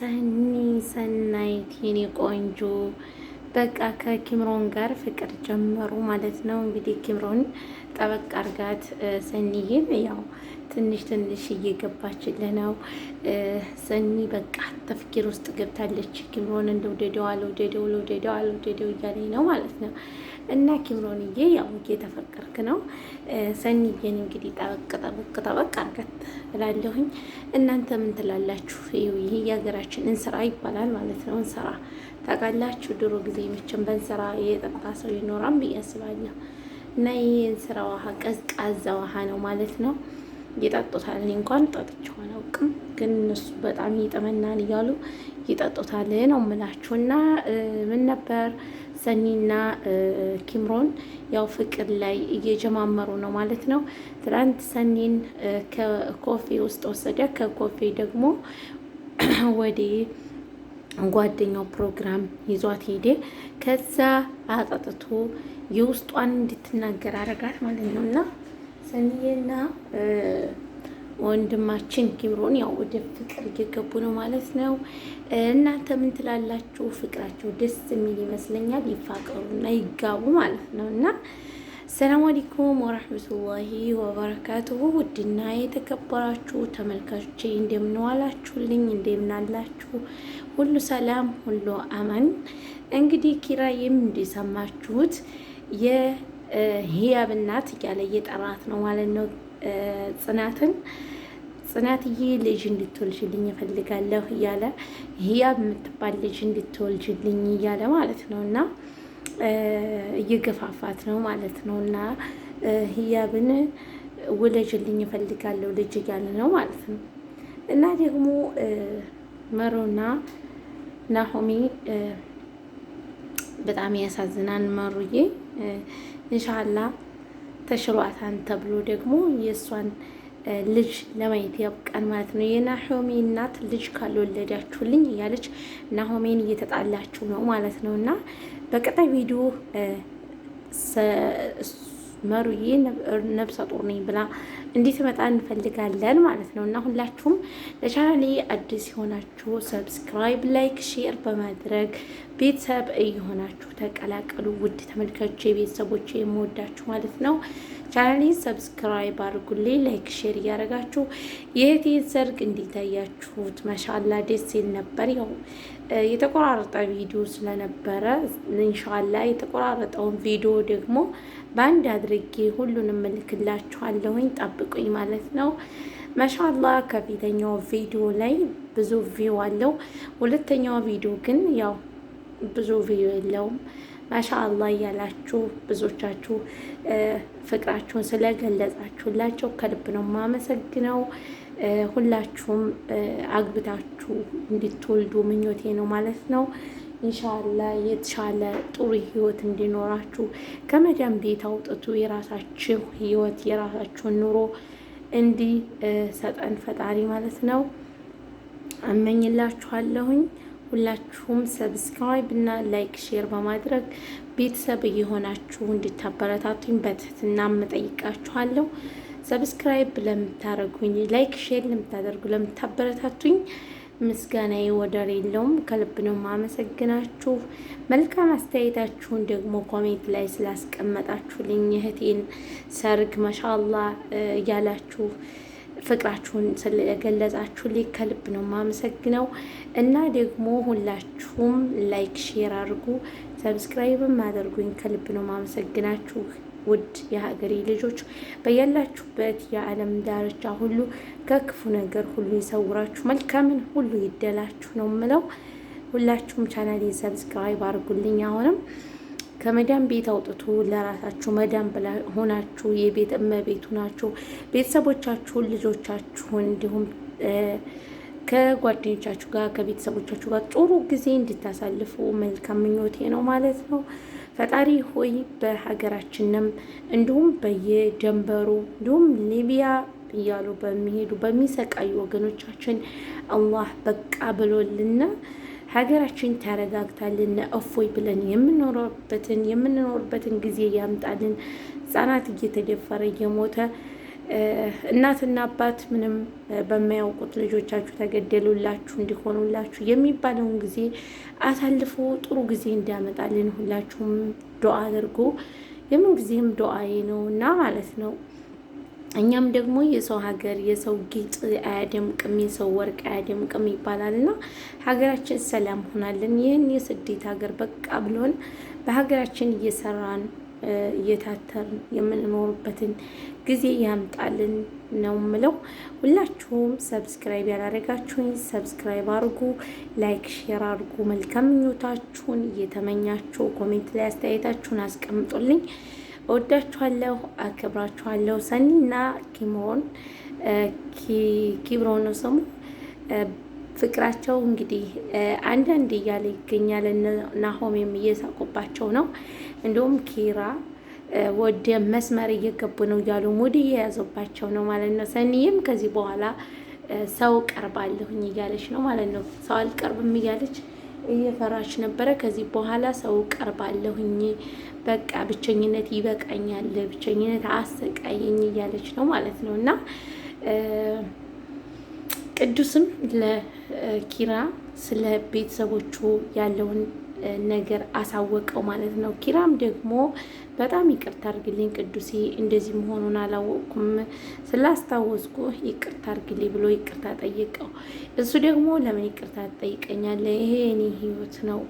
ሰኒ ሰናይት የኔ ቆንጆ በቃ ከኪምሮን ጋር ፍቅር ጀመሩ ማለት ነው። እንግዲህ ኪምሮን ጠበቅ አርጋት፣ ሰኒዬም ያው ትንሽ ትንሽ እየገባችልህ ነው። ሰኒ በቃ ተፍኪር ውስጥ ገብታለች። ኪምሮን እንደውደደው አልውደደው ልውደደው አልውደደው እያለኝ ነው ማለት ነው። እና ኪምሮንዬ ያው እየተፈቀርክ ነው። ሰኒዬን እንግዲህ ጠበቅ ጠበቅ ጠበቅ አርጋት እላለሁኝ። እናንተ ምን ትላላችሁ? ይህ የሀገራችን እንስራ ይባላል ማለት ነው። እንስራ ታውቃላችሁ፣ ድሮ ጊዜ መቼም በእንስራ የጠጣ ሰው ይኖራል ብዬ አስባለሁ። እና ይህ የእንስራ ውሃ ቀዝቃዛ ውሃ ነው ማለት ነው። ይጠጡታል። እኔ እንኳን ጠጥቼው አላውቅም፣ ግን እነሱ በጣም ይጥመናል እያሉ ይጠጡታል ነው የምላችሁ። እና ምን ነበር ሰኒና ኪምሮን ያው ፍቅር ላይ እየጀማመሩ ነው ማለት ነው። ትናንት ሰኒን ከኮፌ ውስጥ ወሰደ፣ ከኮፌ ደግሞ ወዴ ጓደኛው ፕሮግራም ይዟት ሄደ። ከዛ አጠጥቶ የውስጧን እንድትናገር አረጋት ማለት ነው። እና ሰኒዬና ወንድማችን ኪምሮን ያው ወደ ፍቅር እየገቡ ነው ማለት ነው። እናንተ ምን ትላላችሁ? ፍቅራቸው ደስ የሚል ይመስለኛል። ይፋቀሩና ይጋቡ ማለት ነው እና ሰላም አለይኩም ወራህመቱላሂ ወበረካቱሁ። ውድና የተከበራችሁ ተመልካቾቼ እንደምንዋላችሁልኝ እንደምናላችሁ፣ ሁሉ ሰላም ሁሉ አማን። እንግዲህ ኪራዬም እንደሰማችሁት የህያብ እናት እያለ እየጠራት ነው ማለት ነው ጽናትን ጽናትዬ ልጅ እንድትወልጅልኝ እፈልጋለሁ እያለ ህያብ የምትባል ልጅ እንድትወልጅልኝ እያለ ማለት ነው እና እየገፋፋት ነው ማለት ነው። እና ህያብን ውለጅልኝ እፈልጋለሁ ልጅ እያለ ነው ማለት ነው። እና ደግሞ መሮና ናሆሚ በጣም ያሳዝናን። መሩዬ እንሻላ ተሽሯታን ተብሎ ደግሞ የእሷን ልጅ ለማየት ያብቃን ማለት ነው። የናሆሚ እናት ልጅ ካልወለዳችሁልኝ እያለች ናሆሜን እየተጣላችሁ ነው ማለት ነው እና በቀጣይ ቪዲዮ መሩዬ ነብሰ ጡር ነኝ ብላ እንዲትመጣ እንፈልጋለን ማለት ነው እና ሁላችሁም ለቻናሌ አዲስ የሆናችሁ ሰብስክራይብ፣ ላይክ፣ ሼር በማድረግ ቤተሰብ እየሆናችሁ ተቀላቀሉ። ውድ ተመልካቾች ቤተሰቦች የምወዳችሁ ማለት ነው። ቻናሌ ሰብስክራይብ አድርጉልኝ፣ ላይክ፣ ሼር እያደረጋችሁ የእህቴ ሰርግ እንዲታያችሁት መሻላ ደስ ሲል ነበር። ያው የተቆራረጠ ቪዲዮ ስለነበረ እንሻላ የተቆራረጠውን ቪዲዮ ደግሞ በአንድ አድርጌ ሁሉንም እልክላችኋለሁኝ። ጠብቁኝ ማለት ነው። ማሻአላ ከፊተኛው ቪዲዮ ላይ ብዙ ቪው አለው። ሁለተኛው ቪዲዮ ግን ያው ብዙ ቪው የለውም። ማሻአላ እያላችሁ ብዙዎቻችሁ ፍቅራችሁን ስለገለጻችሁላቸው ከልብ ነው የማመሰግነው። ሁላችሁም አግብታችሁ እንድትወልዱ ምኞቴ ነው ማለት ነው። እንሻላ የተሻለ ጥሩ ህይወት እንዲኖራችሁ ከመዳም ቤት አውጥቶ የራሳችሁ ህይወት የራሳችሁን ኑሮ እንዲሰጠን ፈጣሪ ማለት ነው እመኝላችኋለሁኝ። ሁላችሁም ሰብስክራይብ እና ላይክ ሼር በማድረግ ቤተሰብ እየሆናችሁ እንድታበረታቱኝ በትህትና እጠይቃችኋለሁ። ሰብስክራይብ ለምታደርጉኝ፣ ላይክ ሼር ለምታደርጉ፣ ለምታበረታቱኝ ምስጋናዬ ወደር የለውም። ከልብ ነው ማመሰግናችሁ። መልካም አስተያየታችሁን ደግሞ ኮሜንት ላይ ስላስቀመጣችሁልኝ እህቴን ሰርግ መሻላ እያላችሁ ፍቅራችሁን ስለገለጻችሁልኝ ከልብ ነው ማመሰግነው እና ደግሞ ሁላችሁም ላይክ፣ ሼር አድርጉ፣ ሰብስክራይብም አድርጉኝ። ከልብ ነው ማመሰግናችሁ። ውድ የሀገሬ ልጆች በያላችሁበት የዓለም ዳርቻ ሁሉ ከክፉ ነገር ሁሉ ይሰውራችሁ፣ መልካምን ሁሉ ይደላችሁ ነው ምለው። ሁላችሁም ቻናል ሰብስክራይብ አድርጉልኝ። አሁንም ከመዳም ቤት አውጥቶ ለራሳችሁ መዳም ሆናችሁ የቤት እመቤቱ ናችሁ ቤተሰቦቻችሁን፣ ልጆቻችሁን እንዲሁም ከጓደኞቻችሁ ጋር ከቤተሰቦቻችሁ ጋር ጥሩ ጊዜ እንድታሳልፉ መልካም ምኞቴ ነው ማለት ነው። ፈጣሪ ሆይ በሀገራችንም እንዲሁም በየደንበሩ እንዲሁም ሊቢያ እያሉ በሚሄዱ በሚሰቃዩ ወገኖቻችን አላህ በቃ ብሎልና ሀገራችን ተረጋግታልን እፎይ ብለን የምንኖርበትን የምንኖርበትን ጊዜ ያምጣልን። ህጻናት እየተደፈረ እየሞተ እናትና አባት ምንም በማያውቁት ልጆቻችሁ ተገደሉላችሁ እንዲሆኑላችሁ የሚባለውን ጊዜ አሳልፎ ጥሩ ጊዜ እንዲያመጣልን ሁላችሁም ዶ አድርጎ የምን ጊዜም ዱአዬ ነው እና ማለት ነው። እኛም ደግሞ የሰው ሀገር የሰው ጌጥ አያደምቅም፣ የሰው ወርቅ አያደምቅም ይባላል እና ሀገራችን ሰላም ሆናለን። ይህን የስደት ሀገር በቃ ብሎን በሀገራችን እየሰራን እየታተርን የምንኖርበትን ጊዜ ያምጣልን ነው ምለው። ሁላችሁም ሰብስክራይብ ያላደረጋችሁኝ ሰብስክራይብ አድርጉ፣ ላይክ ሼር አድርጉ። መልካም ምኞታችሁን እየተመኛችሁ ኮሜንት ላይ አስተያየታችሁን አስቀምጡልኝ። እወዳችኋለሁ፣ አከብራችኋለሁ። ሰኒና ኪሞን ኪብሮ ነው ስሙ ፍቅራቸው እንግዲህ አንዳንድ እያለ ይገኛል። ናሆሜም እየሳቁባቸው ነው። እንዲሁም ኪራ ወደ መስመር እየገቡ ነው እያሉ ሙድ እየያዙባቸው ነው ማለት ነው። ሰኒዬም ከዚህ በኋላ ሰው ቀርባለሁኝ እያለች ነው ማለት ነው። ሰው አልቀርብም እያለች እየፈራች ነበረ። ከዚህ በኋላ ሰው ቀርባለሁኝ፣ በቃ ብቸኝነት ይበቃኛል፣ ብቸኝነት አሰቃየኝ እያለች ነው ማለት ነው እና ቅዱስም ለኪራ ስለ ቤተሰቦቹ ያለውን ነገር አሳወቀው ማለት ነው። ኪራም ደግሞ በጣም ይቅርታ አርግልኝ ቅዱሴ፣ እንደዚህ መሆኑን አላወቅኩም፣ ስላስታወስኩ ይቅርታ አርግልኝ ብሎ ይቅርታ ጠየቀው። እሱ ደግሞ ለምን ይቅርታ ትጠይቀኛለህ? ይሄ እኔ ህይወት ነው፣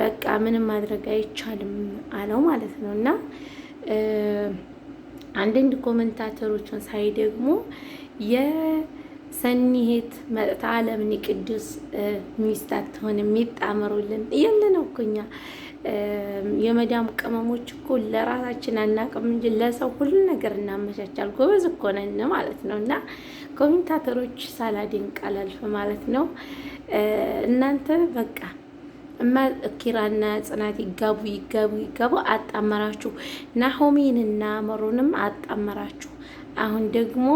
በቃ ምንም ማድረግ አይቻልም አለው ማለት ነው። እና አንዳንድ ኮመንታተሮችን ሳይ ደግሞ ሰኒሄት መጥታ ለምኒ ቅዱስ ሚስት አትሆንም የሚጣመሩልን የለ ነው እኮ እኛ የመዳም ቅመሞች እኮ ለራሳችን አናቅም እንጂ ለሰው ሁሉ ነገር እናመቻቻል። ጎበዝ እኮ ነን ማለት ነው። እና ኮሜንታተሮች ሳላደንቅ አላልፍም ማለት ነው። እናንተ በቃ እማ ኪራና ጽናት ይጋቡ ይጋቡ ይጋቡ አጣመራችሁ፣ ናሆሜንና መሮንም አጣመራችሁ። አሁን ደግሞ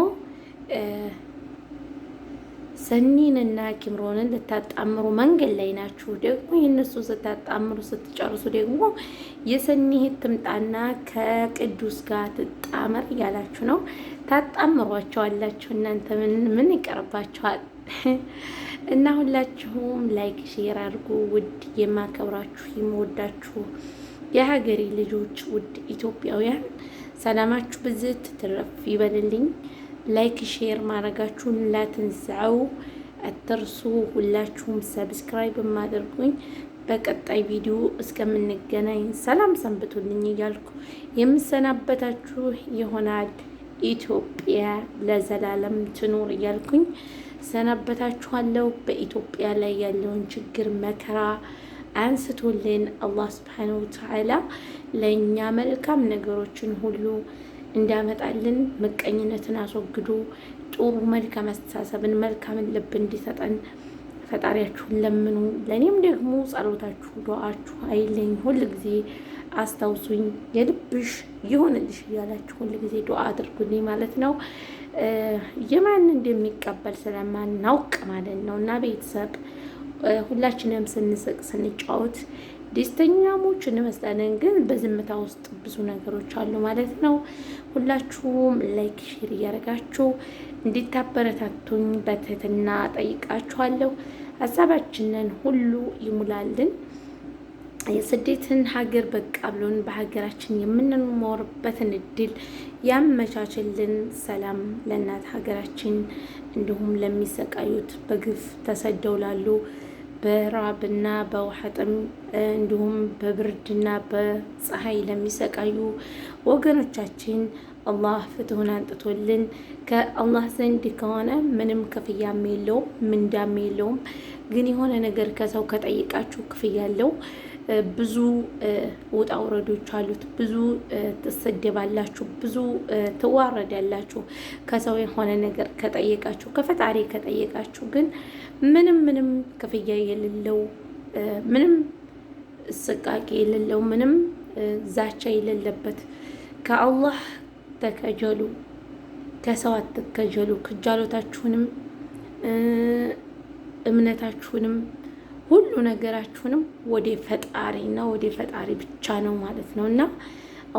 ሰኒንና ኪምሮንን ልታጣምሩ መንገድ ላይ ናችሁ። ደግሞ የእነሱ ስታጣምሩ ስትጨርሱ ደግሞ የሰኒ እህት ትምጣና ከቅዱስ ጋር ትጣመር እያላችሁ ነው። ታጣምሯቸዋላችሁ። እናንተ ምን ምን ይቀርባችኋል? እና ሁላችሁም ላይክ ሼር አድርጉ። ውድ የማከብራችሁ የምወዳችሁ የሀገሬ ልጆች ውድ ኢትዮጵያውያን ሰላማችሁ ብዝት ትረፍ ይበልልኝ። ላይክ ሼር ማድረጋችሁን ላትንዛው አትርሱ። ሁላችሁም ሰብስክራይብ ማድርጉኝ። በቀጣይ ቪዲዮ እስከምንገናኝ ሰላም ሰንብቱልኝ እያልኩ የምሰናበታችሁ ይሆናል። ኢትዮጵያ ለዘላለም ትኖር እያልኩኝ ሰናበታችኋለሁ። በኢትዮጵያ ላይ ያለውን ችግር መከራ አንስቶልን አላህ ስብሓነሁ ወተዓላ ለእኛ መልካም ነገሮችን ሁሉ እንዲያመጣልን ምቀኝነትን አስወግዶ ጥሩ መልካም አስተሳሰብን መልካምን ልብ እንዲሰጠን ፈጣሪያችሁን ለምኑ። ለእኔም ደግሞ ጸሎታችሁ፣ ዱዓችሁ አይለኝ። ጊዜ አስታውሱኝ። የልብሽ ይሆንልሽ እያላችሁ ጊዜ ዱዓ አድርጉልኝ ማለት ነው። የማን እንደሚቀበል ስለማናውቅ ማለት ነው እና ቤተሰብ ሁላችንም ስንስቅ ስንጫወት ደስተኛሞች እንመስላለን፣ ግን በዝምታ ውስጥ ብዙ ነገሮች አሉ ማለት ነው። ሁላችሁም ላይክ፣ ሼር እያደረጋችሁ እንዲታበረታቱኝ በትህትና ጠይቃችኋለሁ። ሀሳባችንን ሁሉ ይሙላልን። የስደትን ሀገር በቃ ብሎን በሀገራችን የምንኖርበትን እድል ያመቻችልን። ሰላም ለእናት ሀገራችን፣ እንዲሁም ለሚሰቃዩት በግፍ ተሰደው ላሉ በራብና በውሃ ጥም እንዲሁም በብርድና በፀሐይ ለሚሰቃዩ ወገኖቻችን አላህ ፍትሁን አንጥቶልን ከአላህ ዘንድ ከሆነ ምንም ክፍያም የለውም ምንዳም የለውም። ግን የሆነ ነገር ከሰው ከጠይቃችሁ ክፍያ አለው። ብዙ ውጣ ውረዶች አሉት። ብዙ ትሰደባላችሁ፣ ብዙ ትዋረዳላችሁ። ከሰው የሆነ ነገር ከጠየቃችሁ ከፈጣሪ ከጠየቃችሁ ግን ምንም ምንም ክፍያ የሌለው ምንም ስቃቂ የሌለው ምንም ዛቻ የሌለበት ከአላህ ተከጀሉ፣ ከሰው አትከጀሉ። ክጃሎታችሁንም እምነታችሁንም ሁሉ ነገራችሁንም ወደ ፈጣሪ እና ወደ ፈጣሪ ብቻ ነው ማለት ነው እና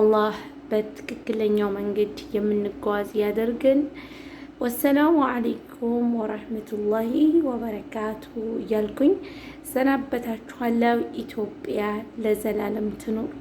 አላህ በትክክለኛው መንገድ የምንጓዝ ያደርገን። ወሰላሙ አሌይኩም ወረህመቱላሂ ወበረካቱ እያልኩኝ ሰናበታችኋለሁ። ኢትዮጵያ ለዘላለም ትኑር።